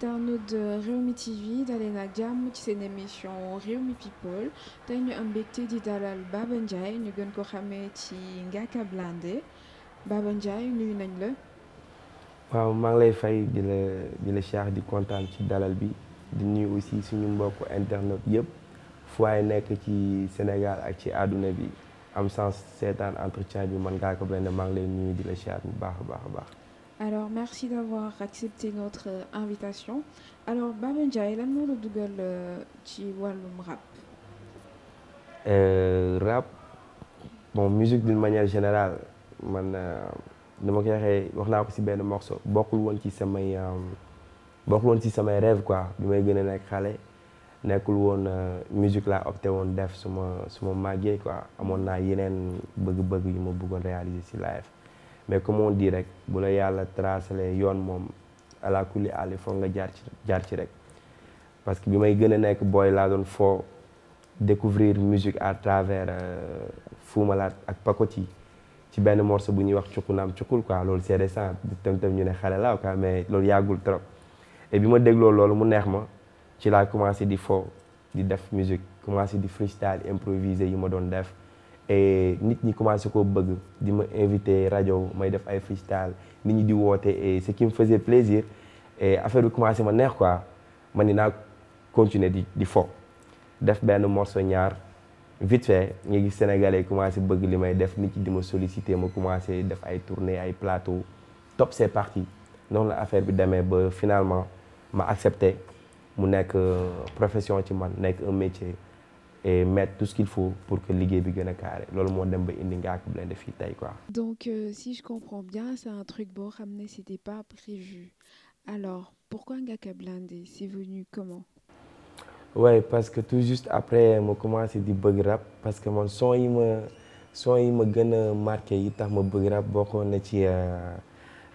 internautes de Rewmi TV dalee jàmm ci seen émission Rewmi People tey ñu am mbégte di dalal Baba Ndiaye ñu gën ko xamee ci Ngaaka Blindé Baba Ndiaye nuyu nañ la waaw maa lay fay di la di di kontaan ci dalal bi di ñuy aussi suñu mbokk internet yëpp fu waay nekk ci Sénégal ak ci àdduna bi am sens seetaan entretien bi man Ngaaka Blindé maa ngi lay nuyu di la chaax bu baax baax a baax alors merci d'avoir accepté notre euh, invitation alors Baba Ndiaye lan moo la dugal ci euh, wàllum rab euh, rap bon musique d'une manière général man ma ko waxee wax naa ko si benn morceau bokkul woon ci samay bokkul woon ci samay rêve quoi bi may gën a nekk xale nekkul woon musique laa opté woon def su ma su ma màggee quoi amoon naa yeneen bëgg-bëgg yu ma buggoon réaliser si live mais comme on dit rek bu la yàlla tracé yoon moom ala kulli àll foog nga jaar ci ci rek parce que bi may gën a nekk booy laa doon foo découvrir musique à travers euh, Fou Malade ak Pacotille ci benn morceau bu ñuy wax cukku naam cukkul quoi loolu c'est récent tam tam ñu ne xale laa quoi mais loolu yàggul trop bi ma dégloo loolu mu neex ma ci laa commencé di foo di def musique commencé di freestyle improviser yi ma doon def nit ñi commencé koo bëgg di ma invité rajo may def ay freestyle nit ñi di woote et ce qui me faisait plaisir et affaire bi commencé ma neex quoi man ni naa continuer di di fo def benn morceau ñaar vite fait nga gis sénégalais commencé bëgg li may def nit ñi di ma sollicité ma commencé def ay tournée ay plateau top c'est parti noonu la affaire bi demee ba finalement ma accepté mu nekk euh, profession ci man nekk un métier et mettre tout ce qu'il faut pour que liggéey bi gën a carré loolu moo dem ba indi Ngaaka Blindé fii tey quoi. donc euh, si je comprends bien c'est un truc boo xam ne c'était pas prévu alors pourquoi Ngaaka Blindé c'est venu comment. ouais parce que tout juste après ma commencé di bëgg rab parce que moom son yi ma son yi ma gën a marqué yi tax ma bëgg rap bokkoon na ci euh,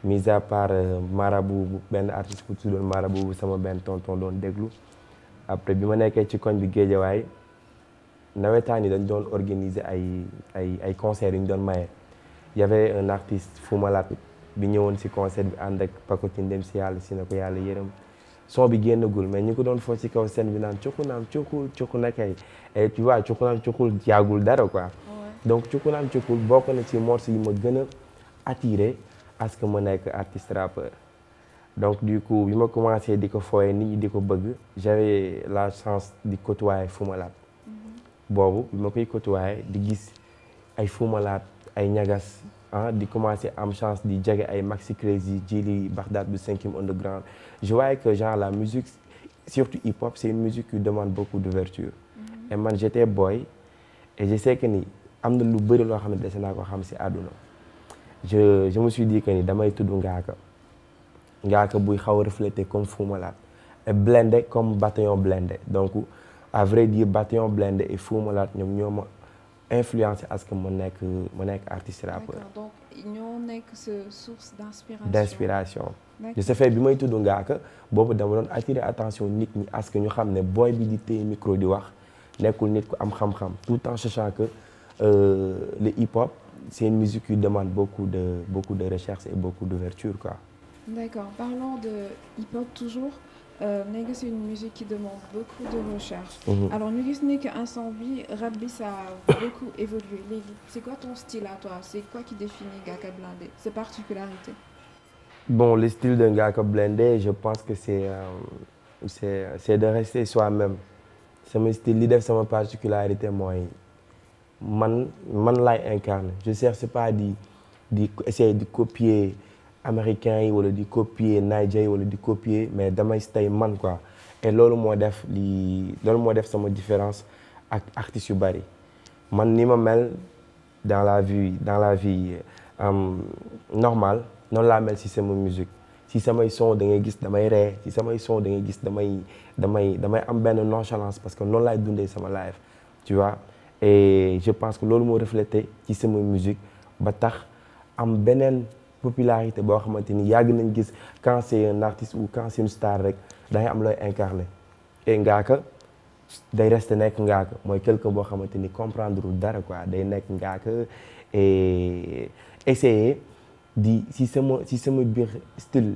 mise à part euh, marabu benn artiste bu tuddoon marabu sama benn tonton doon déglu après bi ma nekkee ci koñ bi géejawaay. nawetaan yi dañ doon organiser ay ay ay concerts yu ñu doon maye y avait fu ma Foumalat bi ñëwoon si concert bi ànd ak Pacotine dem si yàlla si na ko yàlla yërëm soo bi génnagul mais ñu ko doon foo si kaw seen bi naan cukunaam cukul cukku na kay et tu vois cukunaam jaagul dara quoi donc cukunaam cukul bokk na ci morceau yi ma gën a attiré que ma nekk artiste rappeur donc du coup bi ma commencé di ko fooye nit ñi di ko bëgg j'avais la chance di côtoyer Foumalat boobu ma koy côtoyer di gis ay fumalaat ay ñagas ah di commencer am chance di jege ay Maxi Crazy Jili Bagdad bu cinquième underground je voyais que genre la musique surtout hip hop c'est une musique qui demande beaucoup d'ouverture mm-hmm. et man j'étais boy et je sais que ni am na lu bëri loo xam ne dese naa ko xam si àdduna je je me ni damay tudd ngaaka ngaaka buy xaw a refléter comme Fou Malade et blindé comme bataillon blindé donc à vrai dire Bataillon Blindé e Fou Malade ñoom ñoo ma influencé à ce que ma nekk ma nekk artiste rappeur. donc ñoo nekk sa source d'inspiration. d'inspiration. de ce bi may tudd Ngaaka boobu dama doon attirer attention nit ñi à que ñu xam ne booy bi di micro di wax nekkul nit ku am xam-xam tout en sachant que euh, le hip-hop c'est une musique qui demande beaucoup de beaucoup de recherche et beaucoup d'ouverture quoi. d'accord Négus, euh, c'est une musique qui demande beaucoup de recherche. Mmh. Alors, nous disons que Incendie, Rabbi, ça a beaucoup évolué. C'est quoi ton style à toi C'est quoi qui définit Gaka Blindé Ses particularités Bon, le style d'un Gaka je pense que c'est euh, de rester soi-même. C'est mon style, l'idée, c'est ma particularité. Moi, man, man incarne. Je ne cherche pas à essayer de copier américains yi wala di copier Niger yi wala di copier mais damay stay man quoi et loolu moo def li loolu moo def sama différence ak artistes yu bari man ni ma mel dans la vie dans la vie euh, normale noonu laa mel si sama musique si samay son da ngay gis damay ree si samay son da ngay gis damay damay damay am benn nonchalance parce que noonu laay dundee sama live tu vois et je pense que loolu moo reflété ci sama musique ba tax am beneen popularité boo xamante ni yàgg nañ gis quand c'est ou quand c'est star rek dangay am looy incarné et ngaaka day reste nekk ngaaka mooy quelque boo xamante ni comprendre dara quoi day nekk ngaaka et essayer di si sama si sama biir style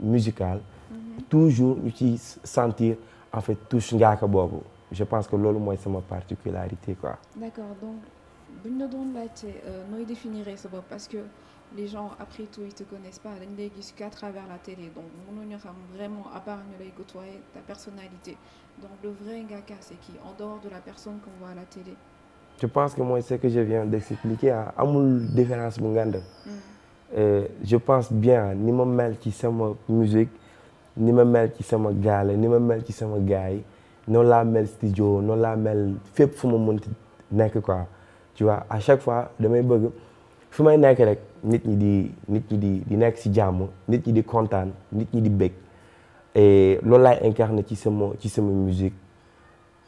musical mhm. toujours ñu ci sentir en fait touche ngaaka boobu je pense que loolu mooy sama particularité quoi. d'accord donc les gens après tout ils te connaissent pas dañ lay gis qu'à travers la télé donc mënuñu xam vraiment à part ñu lay ta personnalité donc le vrai Ngaka c'est qui en dehors de la personne qu'on voit à la télé je pense que moi c'est que je viens d'expliquer ah amul différence bu ngandem mm. je pense bien ni ma mel ci sama musique ni ma mel ci sama gaale ni ma mel ci sama gars yi noonu laa mel studio noonu laa mel fépp fu ma mënti nekk quoi tu vois à chaque fois damay bëgg fi may nekk rek nit ñi di nit ñi di di nekk si jàmm nit ñi di kontaan nit ñi di bëgg et loolu laay incarné ci sama ci sama musique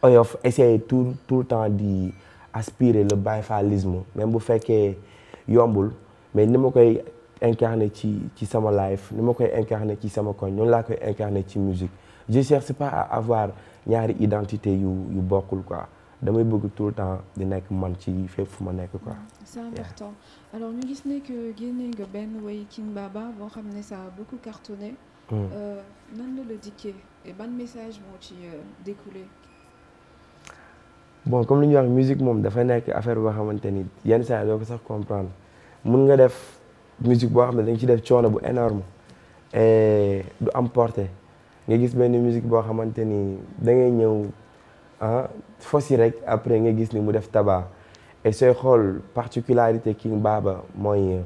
oyof essayer tout tout le temps di aspirer la bayfalisme même bu fekkee yombul mais ni ma koy incarné ci ci sama life ni ma koy incarné ci sama koñ noonu laa koy incarné ci musique je cherche pas à avoir ñaari identité yu yu bokkul quoi damay bëgg tout le temps di nekk man ci fépp fu ma nekk quoi. c'est important alors ñu gis ne que nga benn way King Baba boo xam ne saa a beaucoup cartonné. Mm. Euh, nan la dikkee et ban message moo ci euh, comme li ñuy wax musique moom dafay nekk affaire boo xamante ni yenn saa yi doo sax comprendre mun nga def musique boo xam ne da ci def coono bu énorme am portée nga gis benn musique boo xamante ni da ñëw ah, fossi rek après nga gis ni mu def tabac et sooy xool particularité King baaba mooy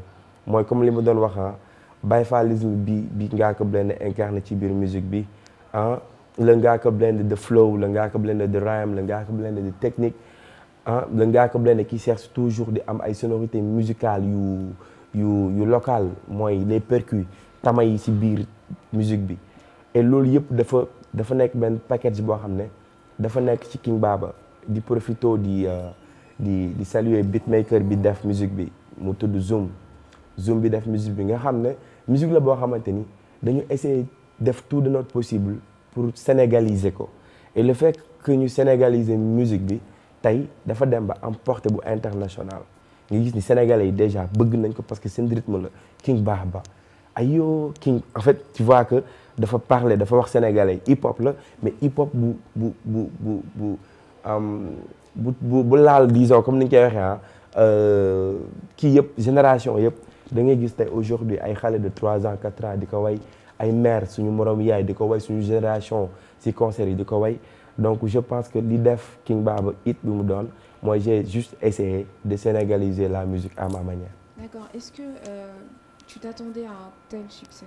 mooy comme li ma doon wax ah bayfalisme bi bi Ngaaka Blindé incarné ci biir musique bi ah la Ngaaka Blindé de flow la Ngaaka Blindé de rhyme la Ngaaka Blindé de technique ah la Ngaaka Blindé qui cherche toujours di am ay sonorités musicale yu yu yu locales mooy les percus tama yi ci biir musique bi et loolu yëpp dafa dafa nekk benn package boo xam ne dafa nekk ci King Baba di profito di euh, di di saluer beatmaker bi def musique bi mu tudd Zoom Zoom bi def musique bi nga xam ne musique la boo xamante ni dañu essayer def tout de notre possible pour sénégaliser ko et le fait que ñu sénégaliser musique bi tey dafa dem ba am portée bu internationale nga gis ni sénégalais yi déjà bëgg nañ ko parce que seen rythme la King Baba ayo King en fait tu vois que dafa parler dafa wax sénégalais hip hop la mais hip hop bu bu bu bu bu bu bu bu laal disons comme ni ñu koy waxee ah euh, kii yëpp génération yëpp da ngay gis tey aujourd'hui ay xale de trois ans quatre ans di ko way ay mère suñu moroom yaay di ko way suñu génération si concert yi di ko way donc je pense que li def King Baba it bi mu doon mooy j'ai juste essayé de sénégaliser la musique à ma manière. D'accord, est-ce que euh, tu t'attendais à un tel succès?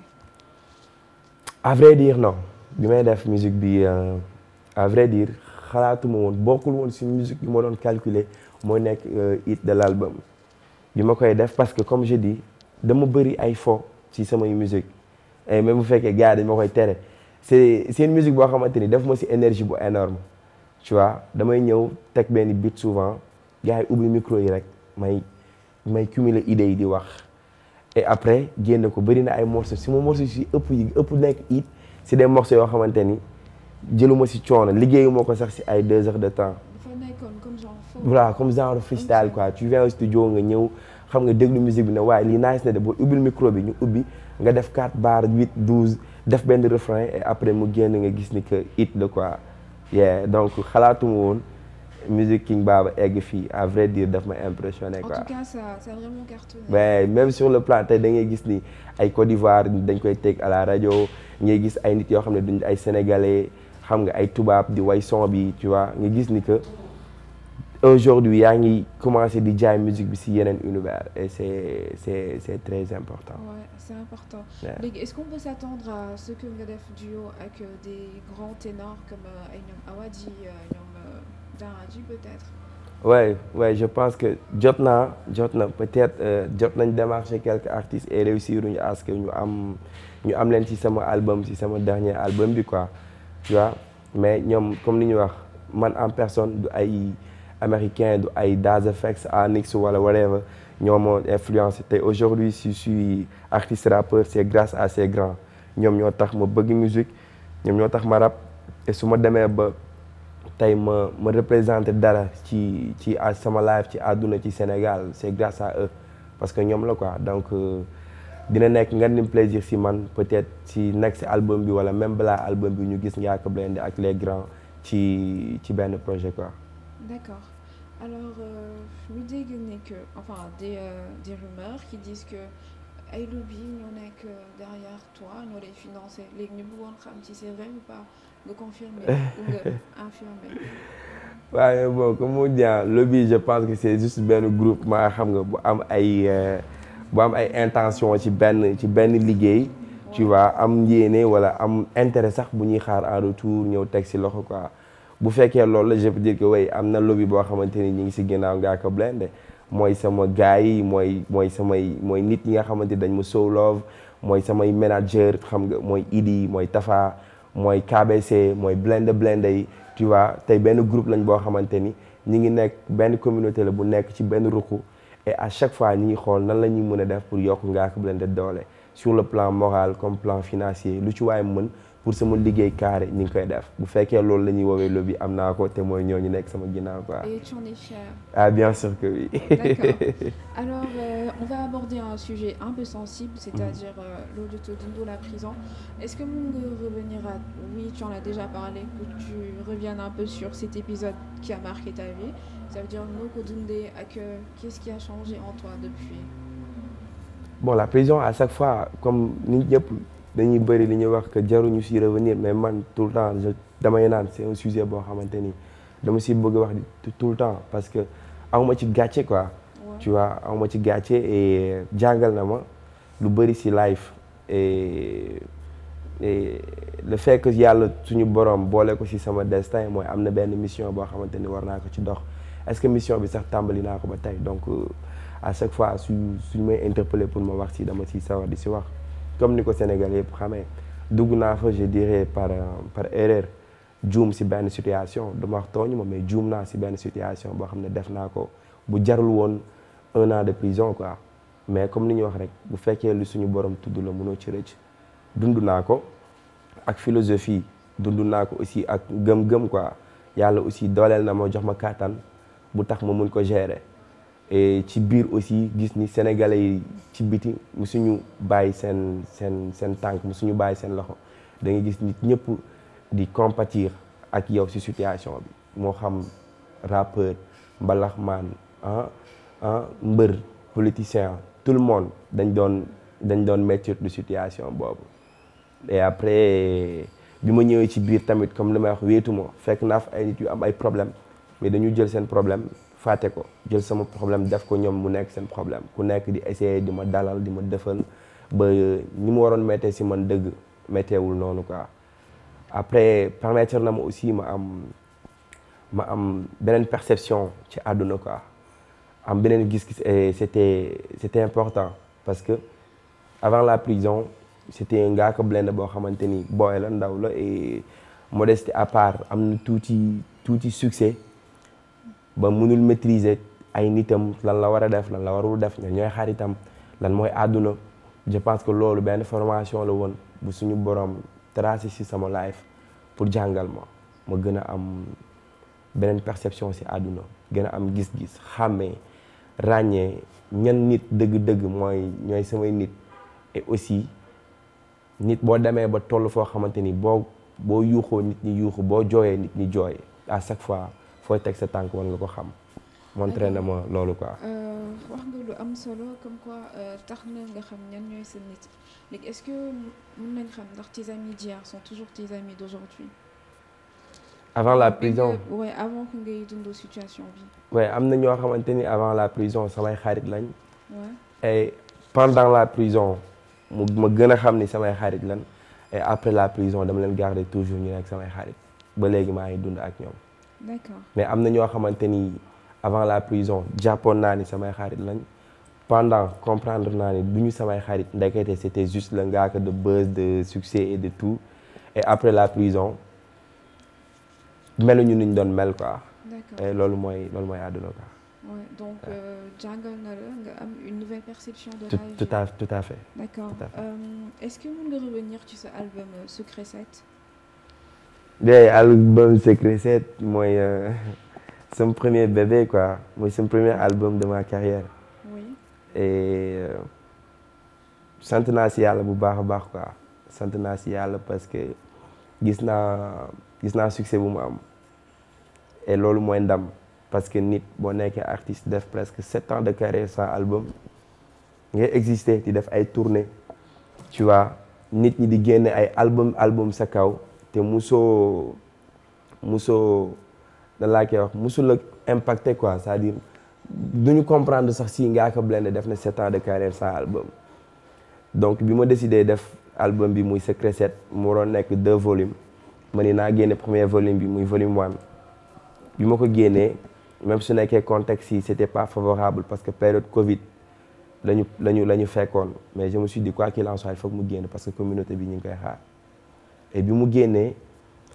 à vrai dire non bi may def musique bi euh, à vrai dire xalaatuma woon bokkul woon si musique bi ma doon calculer mooy nekk euh, it de la l'album bi ma koy def parce que comme je dis dama bëri ay fo ci samay musique et même bu fekkee gars dañ ma koy tere c'est c'est une boo xamante ni def ma si énergie bu énorme tu damay ñëw teg benn bit souvent gars yi ubbi micro yi rek may may cumuler idées yi di wax e après génn ko bëri na ay morceaux si ma morceaux si ëpp yi ëpp nekk it si des morceaux yoo xamante ni jëluma si coono liggéeyu moo ko sax si ay deux heures de temps. dafa comme genre. voilà comme genre freestyle quoi tu studio nga ñëw xam nga déglu musique bi ne waaye lii nice na de boo ubbil micro bi ñu ubbi nga def quatre bar huit douze def benn refrain et après mu génn nga gis ni que it la quoi yeah donc xalaatuma woon. musique King Baba egg fii à vrai dire daf ma impressionné quoi. en tout même sur le plan tey da ngay gis ni ay Côte d'Ivoire dañ koy teg à la rajo ngay gis ay nit yoo xam ne duñ ay sénégalais xam nga ay tubaab di way son bi tu nga gis ni que aujourd'hui yaa ngi commencé di jaay musique bi si yeneen univers et c'est c'est c'est très important. ouais c'est important. est-ce qu'on peut s'attendre à ce que nga def duo ak euh, des grands ténors comme euh, ay ñoom Awadi euh, Daara peut je pense que jot na jot na peut-être euh, jot nañ démarché quelques artistes et réussir ñu à que ñu am ñu am leen ci sama album ci sama dernier album bi quoi tu vois mais ñoom comme ni ñu wax man en personne du ay américain du ay Daz FX Anix wala whatever ñoo ma influencé te aujourd'hui si je suis artiste rappeur c'est grâce à ces grands ñoom ñoo tax ma bëgg musique ñoom ñoo tax ma rap et su ma demee ba tey ma ma représenté dara ci ci sama live ci àdduna ci Sénégal c'est grâce à eux parce que ñoom la quoi donc euh, dina nekk nga ni plaisir si man peut-être si next album bi wala même balaa album bi ñu gis Ngaaka Blindé ak les grands ci ci benn projet quoi. d'accord alors euh, ñu dégg ne que euh, des rumeurs qui disent que ay lobby ñoo nekk derrière toi ñoo lay financé léegi ñu ci c'est pas. nga confirmer eh. ou nga waaye bon comme on dit lobby je pense que c'est juste benn groupement xam nga bu am ay euh, bu am ay intention ci benn ci benn liggéey. tu vois am yéene wala am intérêt sax bu ñuy xaar en retour ñëw teg si loxo quoi. bu fekkee loolu la je peux dire que way am na lobby boo xamante ni ñu ngi si ginnaaw Ngaaka Blindé mooy sama gars yi mooy mooy samay mooy nit ñi nga xamante dañ ma sow love mooy samay manager xam nga mooy Idi mooy Tafa. mooy KBC mooy blende blende yi tu vois tey benn groupe lañ boo xamante ni ñi ngi nekk benn communauté la bu nekk ci benn ruq et à chaque fois ñi ngi xool nan la ñuy mën a def pour yokk Ngaaka Blindé doole sur le plan moral comme plan financier lu ci waay mën pour sama liggéey carré ñu koy def bu fekkee loolu la ñuy woowee lobby am naa ko te mooy ñooñu nekk sama ginnaaw quoi. et tu en es fier. ah bien sûr que oui. Euh, on va aborder un sujet un peu sensible c'est-à-dire mm-hmm. euh, l'audio-tune, la prison est-ce que mën nga revenir à oui tu en as déjà parlé que tu reviennes un peu sur cet épisode qui a marqué ta vie ça ce qui a changé en toi depuis. bon la prison à chaque fois comme nit ñëpp. dañuy bëri li ñuy wax que jaruñu si revenir mais man tout le temps je damay naan c'est un sujet boo xamante ni dama si bëgg wax tout le temps parce que awma ci gàcce quoi. tu vois awma ci gàcce jàngal na ma lu bëri si life et et le fait que yàlla suñu borom boole ko si sama destin mooy am na benn mission boo xamante ni war naa ko ci dox est-ce que mission bi sax tàmbali naa ko ba tey donc euh, à chaque fois su suñu may interpeller pour ma wax si dama si sawar di si wax. comme ni ko Sénégal yëpp xamee dugg naa fa je dirais par par erreur juum si benn situation du ma wax tooñ ma mais juum naa si benn situation boo xam ne def naa ko bu jarul woon un an de prison quoi mais comme ni ñuy wax rek bu fekkee lu suñu borom tudd la munoo ci rëcc dund naa ko ak philosophie dund naa ko aussi ak gëm-gëm quoi yàlla aussi dooleel na ma jox ma kàttan bu tax ma mun ko gérer. ci biir aussi gis ni sénégalais yi ci biti mu suñu bàyyi seen seen seen tànk suñu bàyyi seen loxo dangay gis nit ñëpp di compatir ak yow ci situation bi moo xam rappeur mbalaxmaan ah ah mbër politicien tout le monde dañ doon dañ doon métier de situation boobu et après bi ma ñëwee ci biir tamit comme li may wax wéetuma fekk naa fa ay nit yu am ay problème mais dañu jël seen problème fàtte ko jël sama problème def ko ñoom mu nekk seen problème ku nekk di essayer di ma dalal di ma defal ba ñi mu waroon méttee si man dëgg métteewul noonu quoi après permettre na ma aussi ma am ma am beneen perception ci àdduna ko am beneen gis-gis et c'était c'était important parce que avant la prison c'était Ngaaka Blindé boo xamante ni booy la ndaw la et modestie à part am na tuuti tuuti succès ba mënul maîtriser ay nitam lan la war a def lan la warul def ñan ñooy xaritam lan mooy àdduna je pense que loolu benn formation la woon bu suñu borom tracé si sama life pour jàngal ma ma gën a am beneen perception si àdduna gën a am gis-gis xàmmee ràññee ñan nit dëgg-dëgg mooy ñooy samay nit aussi nit boo demee ba toll foo xamante ni boo boo yuuxoo nit ñi yuuxu boo jooyee nit ñi jooy à chaque fois fooy teg sa tànk woon nga ko xam montré na ma loolu quoi euh, wax nga am solo comme quoi euh, tax na nga xam ñan ñooy sa nit léegi est-ce que mën nañ xam ndax tes amis d'hier sont toujours d'aujourd'hui avant la prison ouais avant que ngay dund situation bi ouais am na ñoo xamante ni avant la prison samay xarit lañ et pendant la prison mu ma gën a xam ni samay xarit lan et après la prison dama leen garder toujours ñu nekk samay xarit ba léegi maa ngi dund ak ñoom d'accord mais am na ñoo xamante ni avant la prison jàppoon naa ni samay xarit lañ pendant comprendre naa ni du ñu samay xarit ndekete c'était juste le ngaaka de buzz de succès et de tout et après la prison meluñu ni ñu doon mel quoi. d'accord loolu mooy loolu mooy àdduna quoi. oui donc euh, jàngal na la nga am une nouvelle perception de la vie. tout à tout à fait. Euh, ce que day album Secret 7 mooy euh, sama premier bébé quoi mooy sama premier album de ma carrière oui et euh, sant si yàlla bu baax a baax quoi sant naa si yàlla parce que gis naa gis naa succès bu mu am et loolu mooy ndam parce que nit boo nekkee artiste def presque sept ans de carrière sans album ngay exister di def ay tournées tu vois nit ñi di génne ay album album sa kaw te musoo musoo da laa koy wax musul a impacte quoi c'est-à-dire ñu comprendre sax si Ngaaka Blindé def na sept ans de carrière sans album donc bi ma décidé def album bi muy Secret set mu waroon nekk deux volumes ma ni naa génne premier volume bi muy volume one bi ma ko génnee même su nekkee contexte yi c'était pas favorable parce que période Covid lañu lañu la ñu fekkoon mais je me suis dit quoi qu'il en soit il mu génn parce que communauté bi ñu ngi koy xaar et bi mu génnee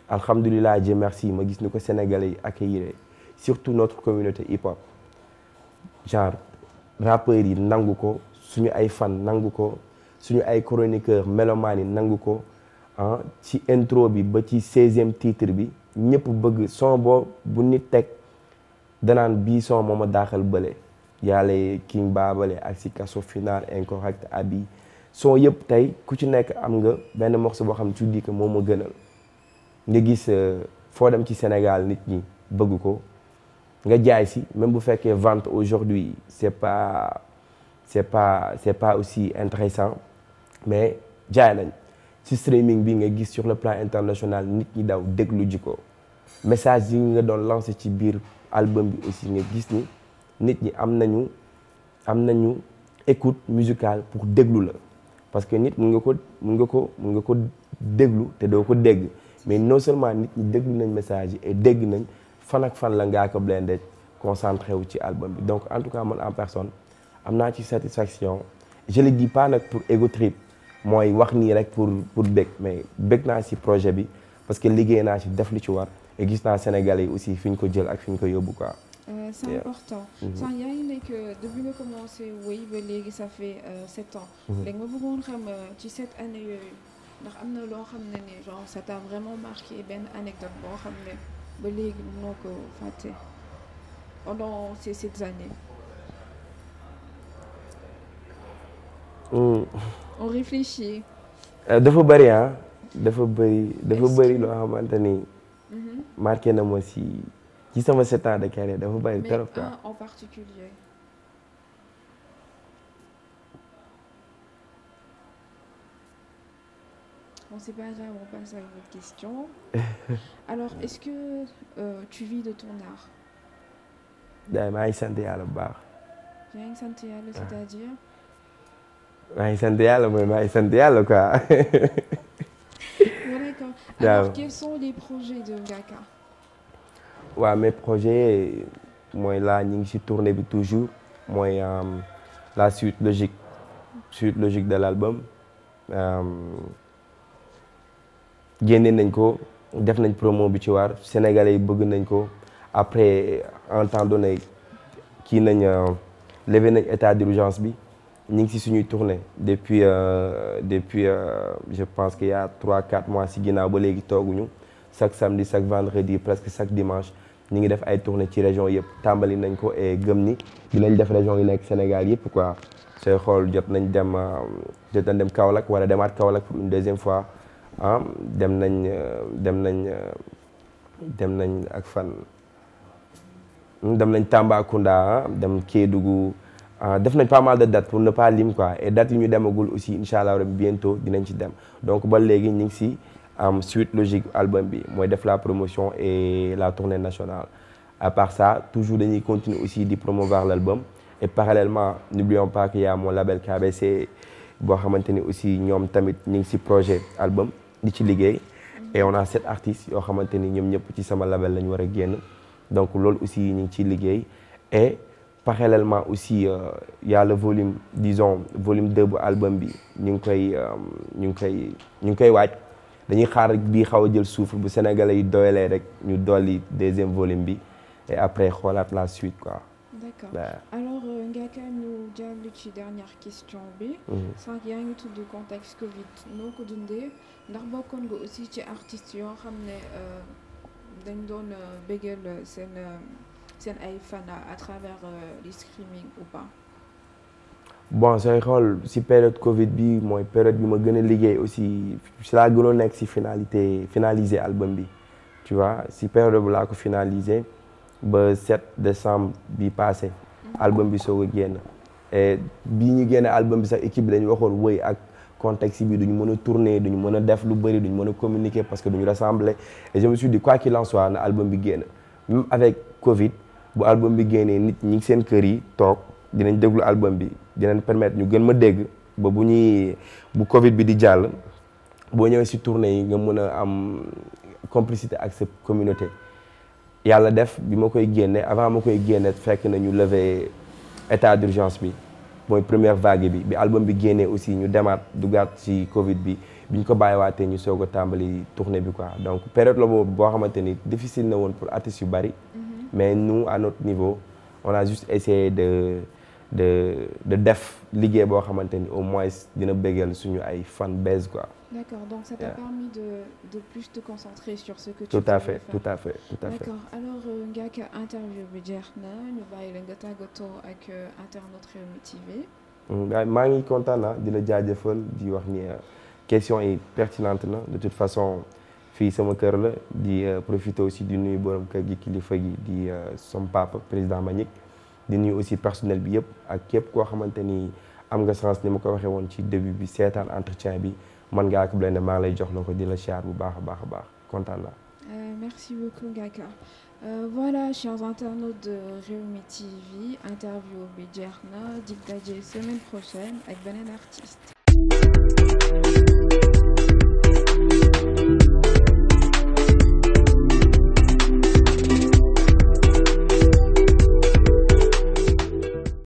alhamdulilah Dieu merci ma gis ni ko sénégalais yi ak accueillir surtout notre communauté hip hop genre rappeurs yi nangu ko suñu ay fan nangu ko suñu ay chroniqueurs melomaan yi nangu ko ah, ci intro bi ba ci seizième titre bi ñëpp bëgg son boo bu nit teg danaan bi bii son a daaxal bële yàlla King Baabale ak si kaso final incorrect abi son yëpp tey ku ci nekk am nga benn morceau boo xam ne tu dis que moom ma gënal nga gis euh, foo dem ci Sénégal nit ñi bëgg ko nga jaay si même bu fekkee vente aujourd'hui c'est pas c'est pas c'est pas aussi intéressant mais jaay nañ ci streaming bi nga gis sur le plan international nit ñi daw déglu ji ko message yi nga doon lancé ci biir album bi aussi nga gis ni nit ñi am nañu am nañu écoute musicale pour déglu la parce que nit mu nga ko mu nga ko mun nga ko déglu te doo ko dégg mais non seulement nit ñi déglu nañ message yi et dégg nañ fan ak fan la Ngaaka Blindé concentré wu ci album bi donc en tout cas man en personne am naa ci satisfaction je le dis pas nag pour ego mooy wax nii rek pour pour bég mais bég naa ci projet bi parce que liggéey naa ci def lu ci war et gis naa Sénégalais yi aussi fi ñu ko jël ak fi ñu ko yóbbu quoi Euh, c'est yeah. important mm-hmm. sànq yaa nekk euh, depuis nga commencé wéy ba léegi ça fi euh, sept ans mm-hmm. léegi ma bëggoon xam ci sept années yooyu ndax am na loo xam ne ni genre benn anecdote boo xam ne ba léegi mënoo ko fàtte pendant ces années mm. on réfléchit dafa bëri ah dafa bëri dafa bëri mm-hmm. na ma ci sama sept ans de carrière dafa bari trop quoi mais un en particulier. on sait pas grave on passe à une question alors est-ce que euh, tu vis de ton art. daay maa ngi sant yàlla bu baax. yaa ngi sant ah. c'est-à-dire. maa ngi sant yàlla mooy maa ngi sant yàlla quoi. quels sont les projets de Ngaka. waa mes projets mooy la ñu ngi ci tournée bi toujours mooy euh, la suite logique suite logique de l'album euh, génne nañ ko def nañ promo bi ci waar sénégalais yi bëgg nañ ko après en temps donné kii nañ euh, levé nañ état d'urgence bi ñu ngi ci suñuy tournée depuis euh, depuis euh, je pense qu'il y a trois quatre mois ci ginnaaw ba léegi tooguñu chaque samedi chaque vendredi presque chaque dimanche ñu ngi def ay tournée ci région yëpp tàmbali nañ ko et gëm ni dinañ def région yi nekk Sénégal yëpp ko sooy xool jot nañ dem euh, jot nañ dem Kaolack wala demaat Kaolack pour une deuxième fois ah, dem nañ euh, dem nañ euh, dem nañ ak fan dem nañ Tambacounda ah, dem Kédougou ah, def nañ pas mal de dates pour ne pas lim quoi et dates yi ñu demagul incha allah bientôt dinañ ci dem donc ba léegi ñu ngi si am suite logique album bi mooy def la promotion et la tournée nationale à part ça toujours dañuy continuer aussi di promouvoir l'album et parallèlement n'oublions pas qu'il y a mon label KBC boo xamante ni aussi ñoom tamit ñu ngi ci projet album di ci liggéey et on a sept artistes yoo xamante ni ñoom ñëpp ci sama label la ñu war a génn donc loolu aussi ñu ngi ciy liggéey et parallèlement aussi euh, y a le volume disons volume 2 bu album bi ñu ngi koy euh, ñu ngi koy ñu ngi koy waaj dañuy xaar bii xaw a jël souffle bu sénégalais yi doyalee rek ñu dolli deuxième volume bi et après xoolaat la suite quoi. d'accord ouais. alors euh, Ngaaka ñu jàll ci dernière question bi. Mhm. sànq yaa ngi tudd contexte Covid noo ko dundee ndax bokkoon nga aussi ci artistes yoo xam ne euh, dañ doon euh, bégal seen seen ay fan à travers le streaming ou pas. bon sooy xool si période Covid bi mooy période bi ma gën a liggéey aussi si laa gënoon nekk si finalité finaliser album bi tu si période bu laa ko finaliser ba 7 décembre bi passé. album bi soog a génn. et bii ñu génne album bi sax équipe bi dañu waxoon wëy ak contexte bi duñu mën a tourner duñu mën a def lu bëri duñu mën a communiquer parce que du ñu et je me suis dit quoi qu'il na album bi génn même avec Covid bu album bi génnee nit ñi seen kër yi toog. dinañ déglu album bi dinañ permettre ñu gën ma dégg ba bu ñuy bu Covid bi di jàll boo ñëwee si tournée yi nga mën a am complicité ak sa communauté yàlla def bi ma koy génnee avant ma koy génne fekk na ñu lever état d'urgence bi mooy première vague bi bi album bi génnee aussi ñu demaat dugaat ci Covid bi bi ñu ko bàyyiwaatee ñu soog a tàmbali tournée bi quoi donc période la boobu boo xamante ni difficile na woon pour artistes yu bari. Mm-hmm. mais nous à niveau on a de. de de def liggéey boo xamante ni au moins dina bégal suñu ay fan base quoi. D'accord, donc Tout à fait, tout à fait, tout à fait. maa ngi kontaan dina ah, di jaajëfal di wax ni euh, question yi pertinente na de toute façon fii sama kër la di euh, profiter aussi di nuyu borom kër gi kilifa gi di euh, son papa président Manick. di nuyu aussi personnel bi yëpp ak képp koo xamante ni am nga chance ni ma ko waxee woon ci début bi seetaan entretien bi man ngaa ko blende maa lay jox la ko di la siyaar bu baax baax baax kontaan la euh, merci beaucoup Ngaka euh, voilà chers internautes bi jeex na dig ak beneen